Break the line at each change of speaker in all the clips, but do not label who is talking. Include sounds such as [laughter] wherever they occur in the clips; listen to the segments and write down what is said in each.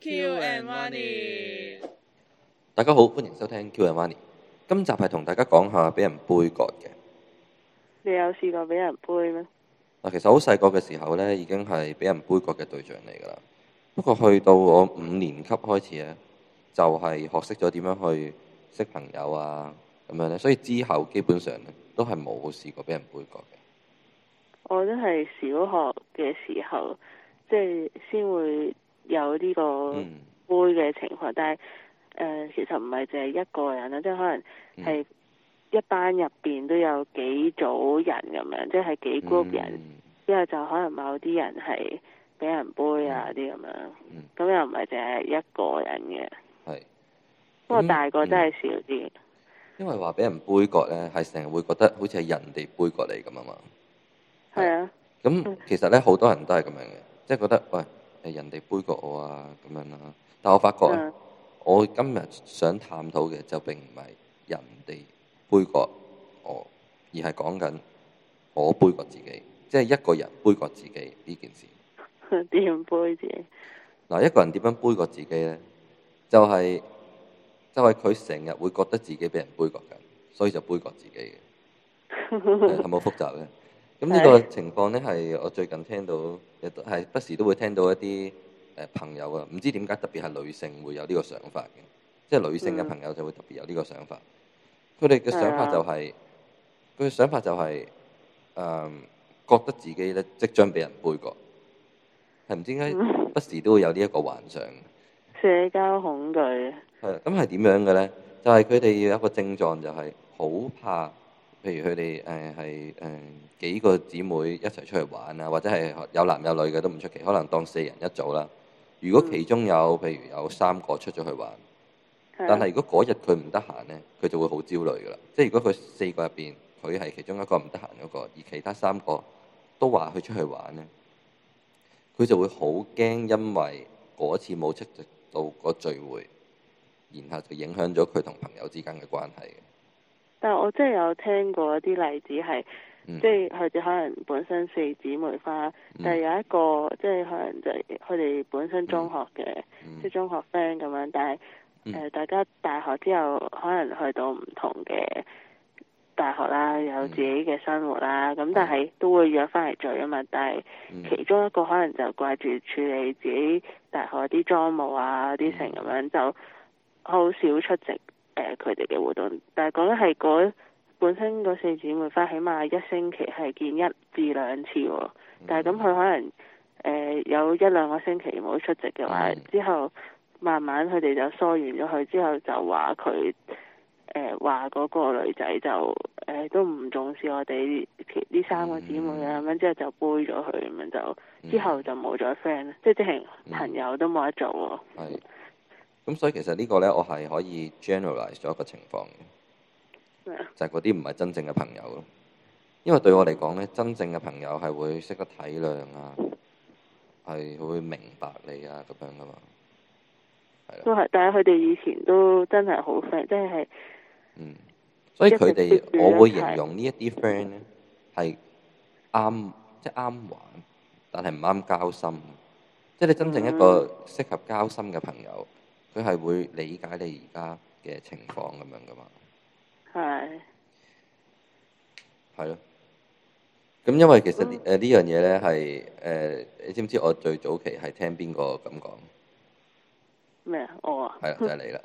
Q and
Money，大家好，歡迎收聽 Q and Money。今集係同大家講下俾人杯葛嘅。
你有試過俾人杯
咩？嗱，其實好細個嘅時候咧，已經係俾人杯葛嘅對象嚟噶啦。不過去到我五年級開始咧，就係、是、學識咗點樣去識朋友啊，咁樣咧。所以之後基本上都係冇試過俾人杯葛嘅。
我都係小學嘅時候，即、就、係、是、先會。有呢個杯嘅情況，嗯、但係誒，其、呃、實唔係淨係一個人啦，即係可能係一班入邊都有幾組人咁樣，即係幾 group 人，之、嗯、後就可能某啲人係俾人杯啊啲咁樣，咁、嗯、又唔係淨係一個人嘅。係，不過大個真係少啲、嗯。
因為話俾人杯葛咧，係成日會覺得好似係人哋杯葛嚟咁啊嘛。係啊。咁其實咧，好多人都係咁樣嘅，即、就、係、是、覺得喂。.人哋背過我啊，咁樣啦。但我發覺，嗯、我今日想探討嘅就並唔係人哋背過我，而係講緊我背過自己，即係一個人背過自己呢件事。點
背自己？
嗱，一個人點樣背過自己咧？就係、是、就係佢成日會覺得自己俾人背過嘅，所以就背過自己嘅。係咪好複雜咧？咁、這、呢個情況咧，係我最近聽到亦都係不時都會聽到一啲誒朋友啊，唔知點解特別係女性會有呢個想法嘅，即係女性嘅朋友就會特別有呢個想法。佢哋嘅想法就係、是，佢、嗯、嘅想法就係、是，誒、嗯，覺得自己咧即將被人背過，係唔知點解不時都會有呢一個幻想。
社交恐懼。
係，咁係點樣嘅咧？就係佢哋有一個症狀，就係、是、好怕。譬如佢哋誒係誒幾個姊妹一齊出去玩啊，或者係有男有女嘅都唔出奇，可能當四人一組啦。如果其中有譬如有三個出咗去玩，嗯，但係如果嗰日佢唔得閒咧，佢就會好焦慮噶啦。即係如果佢四個入邊，佢係其中一個唔得閒嗰個，而其他三個都話佢出去玩咧，佢就會好驚，因為嗰次冇出席到個聚會，然後就影響咗佢同朋友之間嘅關係。
但係我真係有聽過一啲例子係，即係佢哋可能本身四姊妹花，嗯、但係有一個即係可能就佢哋本身中學嘅，即、嗯、係、就是、中學 friend 咁樣，但係誒、嗯呃、大家大學之後可能去到唔同嘅大學啦，有自己嘅生活啦，咁但係都會約翻嚟聚啊嘛，但係其中一個可能就掛住處理自己大學啲莊務啊啲嘢咁樣就好少出席。誒佢哋嘅活動，但係講緊係嗰本身嗰四姊妹花，起碼一星期係見一至兩次，哦嗯，但係咁佢可能誒、呃、有一兩個星期冇出席嘅話，嗯，之後慢慢佢哋就疏遠咗佢，之後就話佢誒話嗰個女仔就誒、呃、都唔重視我哋呢三個姊妹啊咁樣，之後就背咗佢咁樣就，之後就冇咗 friend，即係即係朋友都冇得做喎、哦。係、嗯。嗯。
咁所以其實呢個咧，我係可以 generalize 咗一個情況嘅，就係嗰啲唔係真正嘅朋友咯。因為對我嚟講咧，真正嘅朋友係會識得體諒啊，係會明白你啊，咁樣噶嘛，係都係，但
係佢哋以前都真係好 friend，
即係嗯，所以佢哋我會形容呢一啲 friend 咧係啱即係啱玩，但係唔啱交心。即係你真正一個適合交心嘅朋友。佢係會理解你而家嘅情況咁樣噶嘛？係，係咯。咁因為其實誒呢樣嘢咧係誒，你知唔知我最早期係聽邊個咁講？
咩啊？我啊？係啊，就係、是、你啦。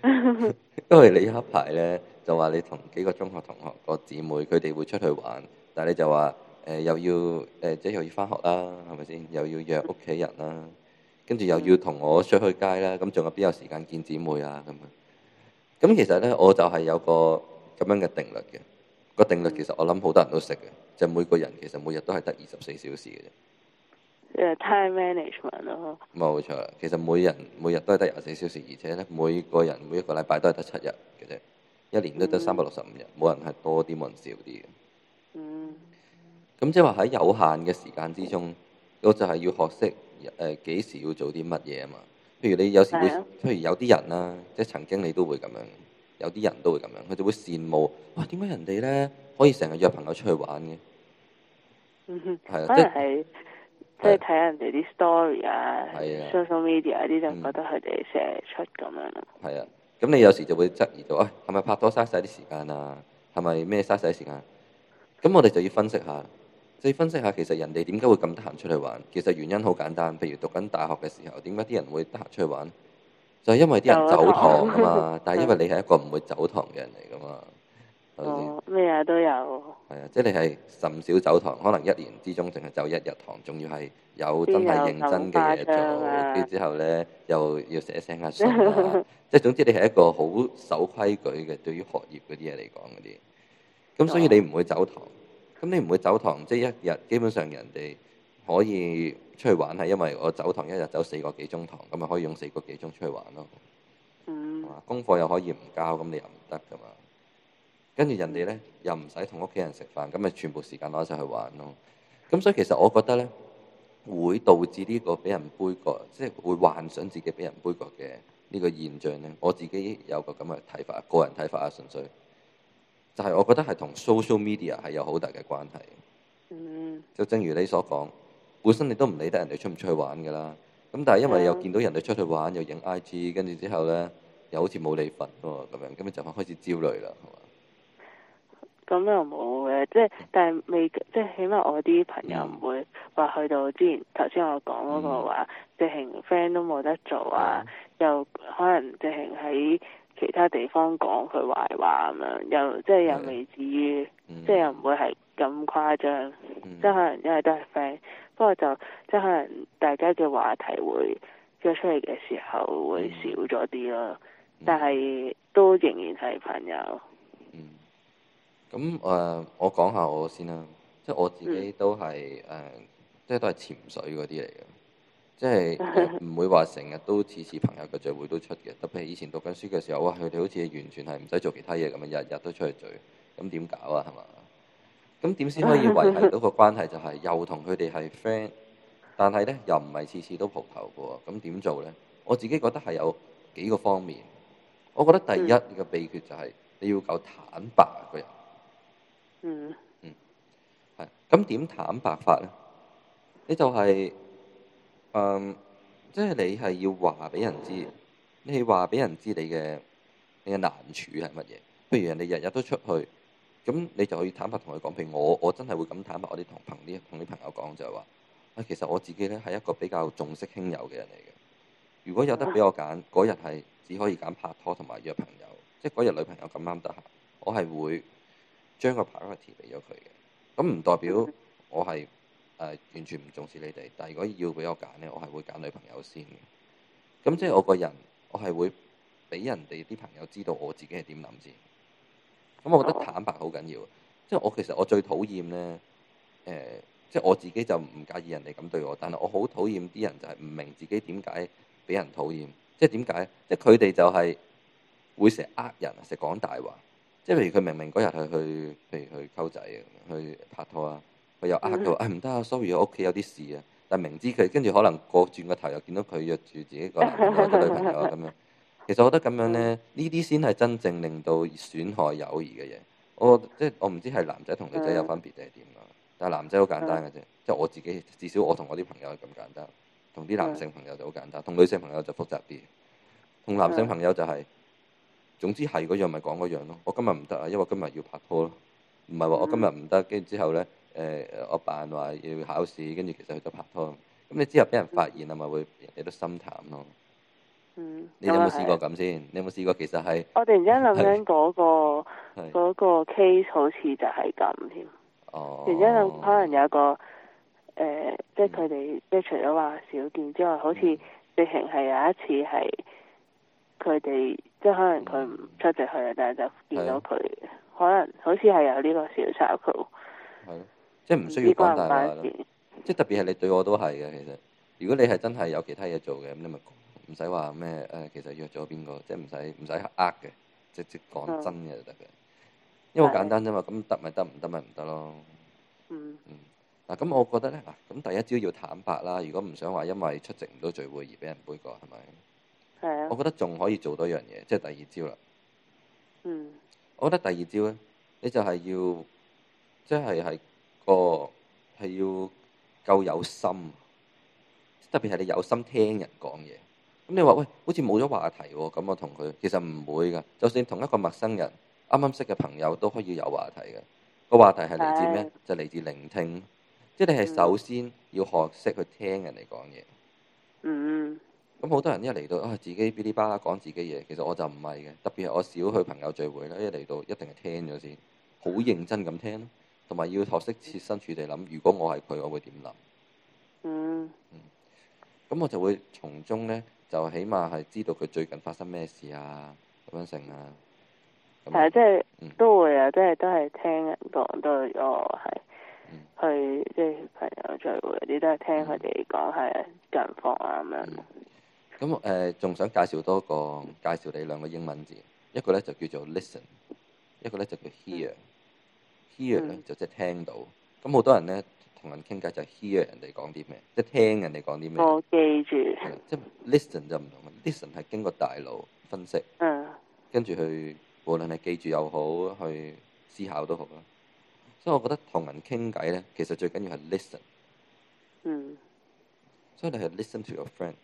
[laughs]
[laughs] 因為你一排咧就話你同幾個中學同學個姊妹，佢哋會出去玩，但係你就話誒、呃、又要誒、呃、即係又要返學啦，係咪先？又要約屋企人啦。嗯跟住又要同我出去街啦，咁、嗯、仲有邊有時間見姊妹啊？咁樣，咁其實咧，我就係有個咁樣嘅定律嘅。個定律其實我諗好多人都識嘅，就係、每個人其實每日都係得二十四小時嘅啫。
誒，time management 咯。
冇錯，其實每人每日都係得廿四小時，而且咧，每個人每一個禮拜都係得七日嘅啫。一年都得三百六十五日，冇人係多啲，冇人少啲嘅。嗯。咁即係話喺有限嘅時間之中，我就係要學識。誒幾時要做啲乜嘢啊嘛？譬如你有時會，啊、譬如有啲人啦，即係曾經你都會咁樣，有啲人都會咁樣，佢就會羨慕，哇！點解人哋咧可以成日約朋友出去玩嘅？嗯哼，
係啊，即係即係睇人哋啲 story 啊，啊，social media 啲、啊、就覺得佢哋成日出
咁樣。係啊，咁你有時就會質疑到，哎、係咪拍拖嘥晒啲時間啊？係咪咩嘥晒時間啊？咁我哋就要分析下。你、就是、分析下，其實人哋點解會咁得閒出去玩？其實原因好簡單，譬如讀緊大學嘅時候，點解啲人會得閒出去玩？就係、是、因為啲人走堂啊嘛。 [laughs] 但係因為你係一個唔會走堂嘅人嚟㗎嘛。咩、哦、啊、就是、
都有。
係啊，即係你係甚少走堂，可能一年之中淨係走一日堂，仲要係有真係認真嘅嘢做。後之後咧，又要寫寫下書啊，即 [laughs] 係總之你係一個好守規矩嘅，對於學業嗰啲嘢嚟講嗰啲。咁所以你唔會走堂。咁你唔會走堂，即係一日基本上人哋可以出去玩，係因為我走堂一日走四個幾鐘堂，咁咪可以用四個幾鐘出去玩咯。嗯。功課又可以唔交，咁你又唔得噶嘛。跟住人哋咧又唔使同屋企人食飯，咁咪全部時間攞一齊去玩咯。咁所以其實我覺得咧，會導致呢個俾人杯葛，即係會幻想自己俾人杯葛嘅呢個現象咧。我自己有個咁嘅睇法，個人睇法啊，純粹。但係我覺得係同 social media 係有好大嘅關係。嗯。就正如你所講，本身你都唔理得人哋出唔出去玩㗎啦。咁但係因為又見到人哋出去玩又影 IG，跟住之後咧又好似冇你份喎，咁樣咁咪就開始焦慮啦，係咪？
咁又冇嘅，即係但係未，即係起碼我啲朋友唔、嗯、會話去到之前頭先我講嗰個話，直情 friend 都冇得做啊、嗯，又可能直情喺。其他地方講佢壞話咁樣，又即係又未至於，即係又唔會係咁誇張，即係、嗯、可能因為都係 friend，不過就即係可能大家嘅話題會約出嚟嘅時候會少咗啲咯，但係都仍然係朋友。嗯，
咁誒、呃、我講下我先啦，即係我自己都係誒、嗯呃、即係都係潛水嗰啲嚟嘅。即係唔會話成日都次次朋友嘅聚會都出嘅，特別係以前讀緊書嘅時候，哇！佢哋好似完全係唔使做其他嘢咁啊，日日都出去聚，咁點搞啊？係嘛？咁點先可以維係到個關係？就係又同佢哋係 friend，但係咧又唔係次次都蒲頭嘅喎。咁點做咧？我自己覺得係有幾個方面。我覺得第一你嘅秘訣就係你要夠坦白個人。嗯嗯。係咁點坦白法咧？你就係、是。Um, 即係你係要話俾人知，你話俾人知你嘅你嘅難處係乜嘢。譬如人哋日日都出去，咁你就可以坦白同佢講。譬如我，我真係會咁坦白我啲同朋啲同啲朋友講，就係話啊，其實我自己咧係一個比較重色輕友嘅人嚟嘅。如果有得俾我揀，嗰日係只可以揀拍拖同埋約朋友，即係嗰日女朋友咁啱得閒，我係會將個牌 t y 俾咗佢嘅。咁唔代表我係。完全唔重視你哋，但係如果要俾我揀呢，我係會揀女朋友先。咁即係我個人，我係會俾人哋啲朋友知道我自己係點諗先。咁我覺得坦白好緊要。即係我其實我最討厭呢，呃、即係我自己就唔介意人哋咁對我，但係我好討厭啲人就係唔明自己點解俾人討厭。即係點解？即係佢哋就係會成日呃人，成日講大話。即係譬如佢明明嗰日係去，譬如去溝仔、去拍拖啊。佢又呃佢，啊唔得啊，Sorry，我屋企有啲事啊。但明知佢，跟住可能過轉個頭又見到佢約住自己個男朋友 [laughs] 或者女朋友啊咁樣。其實我覺得咁樣呢，呢啲先係真正令到損害友誼嘅嘢。我即係我唔知係男仔同女仔有分別定係點咯。但係男仔好簡單嘅啫，即係我自己，至少我同我啲朋友係咁簡單。同啲男性朋友就好簡單，同女性朋友就複雜啲。同男性朋友就係、是，總之係嗰樣咪講嗰樣咯。我今日唔得啊，因為今日要拍拖咯。唔係話我今日唔得，跟住之後呢。誒、呃，我扮話要考試，跟住其實去咗拍拖，咁你之後俾人發現啊嘛，嗯、會你都心淡咯。嗯，
你有冇試過
咁先、嗯？你有冇試過？其實係我
突然間諗緊嗰個嗰、那個 case，好似就係咁添。
哦，突然間
諗，可能有一個誒、呃，即係佢哋即係除咗話少見之外，好似直情係有一次係佢哋，即係可能佢唔出席去，嗯、但係就見到佢、啊，可能好似係有呢個小插曲。係、啊。
即係唔需要講大話咯，這個，即係特別係你對我都係嘅其實。如果你係真係有其他嘢做嘅，咁你咪唔使話咩誒，其實約咗邊個，即係唔使唔使呃嘅，直接講真嘅就得嘅，嗯，
因為好簡
單啫嘛。咁得咪得，唔得咪唔得咯。嗯。嗯。嗱，咁我覺得咧，嗱，咁第一招要坦白啦。如果唔想話因為出席唔到聚會而俾人杯葛，係咪？係啊。
我覺
得仲可以做多一樣嘢，即係第二招啦。嗯。我覺得第二招咧，你就係要，即係係。個係要夠有心，特別係你有心聽人講嘢。咁你話喂，好似冇咗話題，咁我同佢其實唔會噶。就算同一個陌生人，啱啱識嘅朋友，都可以有話題嘅。個話題係嚟自咩？就嚟自聆聽，即係你係首先要學識去聽人哋講嘢。嗯，咁好多人一嚟到啊，自己嗶哩叭啦講自己嘢，其實我就唔係嘅。特別係我少去朋友聚會啦，一嚟到一定係聽咗先，好認真咁聽咯。同埋要學識設身處地諗，如果我係佢，我會點諗？嗯。嗯。咁我就會從中咧，就起碼係知道佢最近發生咩事啊，咁樣成啊。係、嗯、
啊，即係、就是嗯、都會啊，即、就、係、是、都係聽人講都哦係、嗯。去即係、就是、朋友聚會，啲，都係聽佢哋講係近況啊
咁樣。咁、嗯、誒，仲、呃、想介紹多個，介紹你兩個英文字，一個咧就叫做 listen，一個咧就叫 hear、嗯。hear 咧、嗯、就即係聽到，咁好多人咧同人傾偈就 hear 人哋講啲咩，即、就、係、是、聽人哋講啲咩。我
記住，即係、就是、
listen 就唔同、嗯、listen 係經過大腦分析，嗯、跟住去無論係記住又好，去思考都好啦。所以我覺得同人傾偈咧，其實最緊要係 listen。嗯，所以你係 listen to your friends。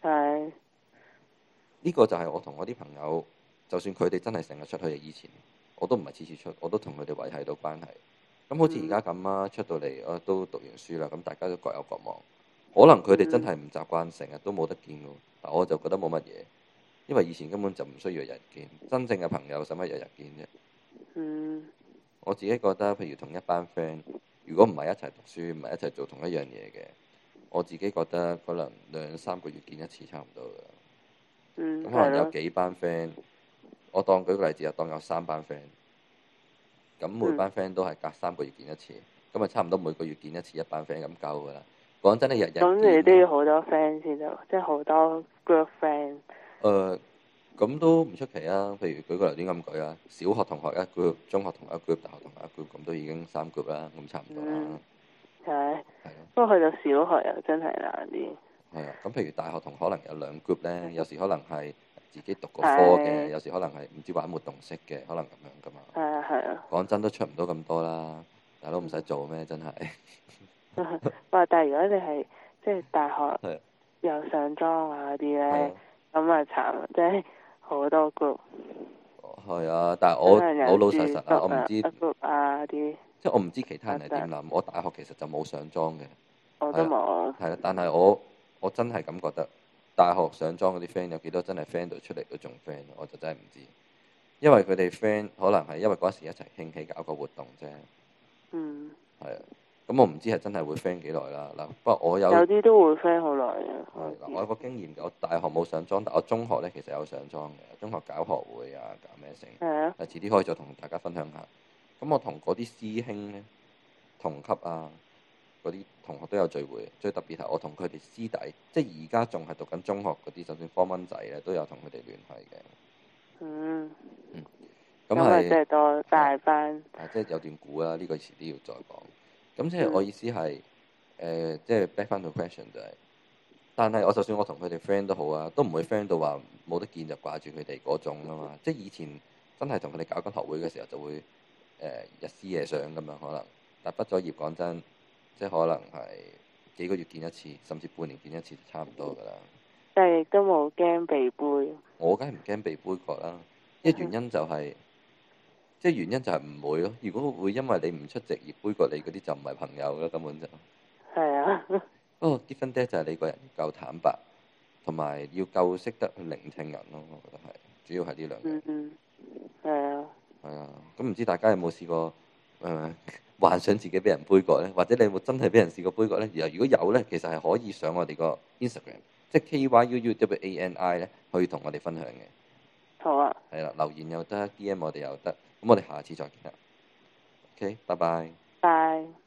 係，
呢、這個就係我同我啲朋友，就算佢哋真係成日出去啊，以前。我都唔係次次出，我都同佢哋維繫到關係。咁好似而家咁啊，出到嚟啊都讀完書啦，咁大家都各有各忙，可能佢哋真係唔習慣成日、嗯、都冇得見喎。但我就覺得冇乜嘢，因為以前根本就唔需要日見。真正嘅朋友使乜日日見啫？嗯，我自己覺得，譬如同一班 friend，如果唔係一齊讀書，唔係一齊做同一樣嘢嘅，我自己覺得可能兩三個月見一次差唔多噶。嗯，
咁可能有
幾班 friend。嗯我當舉個例子啊，當有三班 friend，咁每班 friend 都係隔三個月見一次，咁啊差唔多每個月見一次一班 friend 咁夠噶啦。講真你日日見。咁、嗯、你、呃、都
要好多 friend 先得，
即係好多 girlfriend。誒，咁都唔出奇啊。譬如舉個例子咁舉啊，小學同學一 group，中學同學一 group，大學同學一 group，咁都已經三 group 啦，咁差唔
多啦。係、嗯。係不過去到小學
啊，真係難啲。係啊，咁譬如大學同學可能有兩 group 咧，有時可能係。自己讀個科嘅，有時可能係唔知玩活動式嘅，可能咁樣噶嘛。係啊，係啊。講真都出唔到咁多啦，大佬唔使做咩？真係。
[laughs] 哇！但係如果你係即係大學有上莊啊啲咧，咁啊慘，即係好多 group。
係啊，但係我老老實實啊，我唔知。
group 啊啲。
即係我唔知其他人點諗，我大學其實就冇上莊嘅。我都冇。係啦、啊，但係我我真係咁覺得。大學上莊嗰啲 friend 有幾多真係 friend 到出嚟都仲 friend，我就真係唔知，因為佢哋 friend 可能係因為嗰時一齊興起搞個活動啫。嗯。係啊，咁我唔知係真係會 friend 幾耐啦。嗱，不過我有。有啲
都會 friend 好耐
啊。係，嗱，我有個經驗嘅，我大學冇上莊，但我中學咧其實有上莊嘅，中學搞學會啊，搞咩成。係啊。遲啲可以再同大家分享下。咁我同嗰啲師兄咧，同級啊。嗰啲同學都有聚會，最特別係我同佢哋師弟，即係而家仲係讀緊中學嗰啲，就算 f 蚊仔咧都有同佢哋聯繫嘅。嗯，嗯，
咁係即係多大班？
係即係有段估啊！呢、呢個遲都要再講。咁即係我意思係，誒、嗯呃，即係 back 翻到 question 就係、是，但係我就算我同佢哋 friend 都好啊，都唔會 friend 到話冇得見就掛住佢哋嗰種啊嘛。嗯、即係以前真係同佢哋搞緊學會嘅時候就會誒日、呃、思夜想咁樣可能，但係畢咗業講真。即係可能係幾個月見一次，甚至半年見一次就，差唔多噶啦。即係都冇驚
被
杯葛。我梗係唔驚被杯葛啦，一原因就係、是，即係原因就係唔會咯。如果會因為你唔出席而杯葛你嗰啲，就唔係朋友啦，根本就係啊。哦，過結婚爹就係你個人夠坦白，同埋要夠識得去聆聽人咯。我覺得係主要係呢兩
樣。
嗯嗯，係啊。係啊，咁唔知大家有冇試過誒？幻想自己俾人杯葛咧，或者你有冇真係俾人試過杯葛咧？然後如果有咧，其實係可以上我哋個 Instagram，即係 K Y U U W A N I 咧，可以同我哋分享嘅。好啊，係啦，留言又得，D M 我哋又得。咁我哋下次再見啦。OK，拜拜。
bye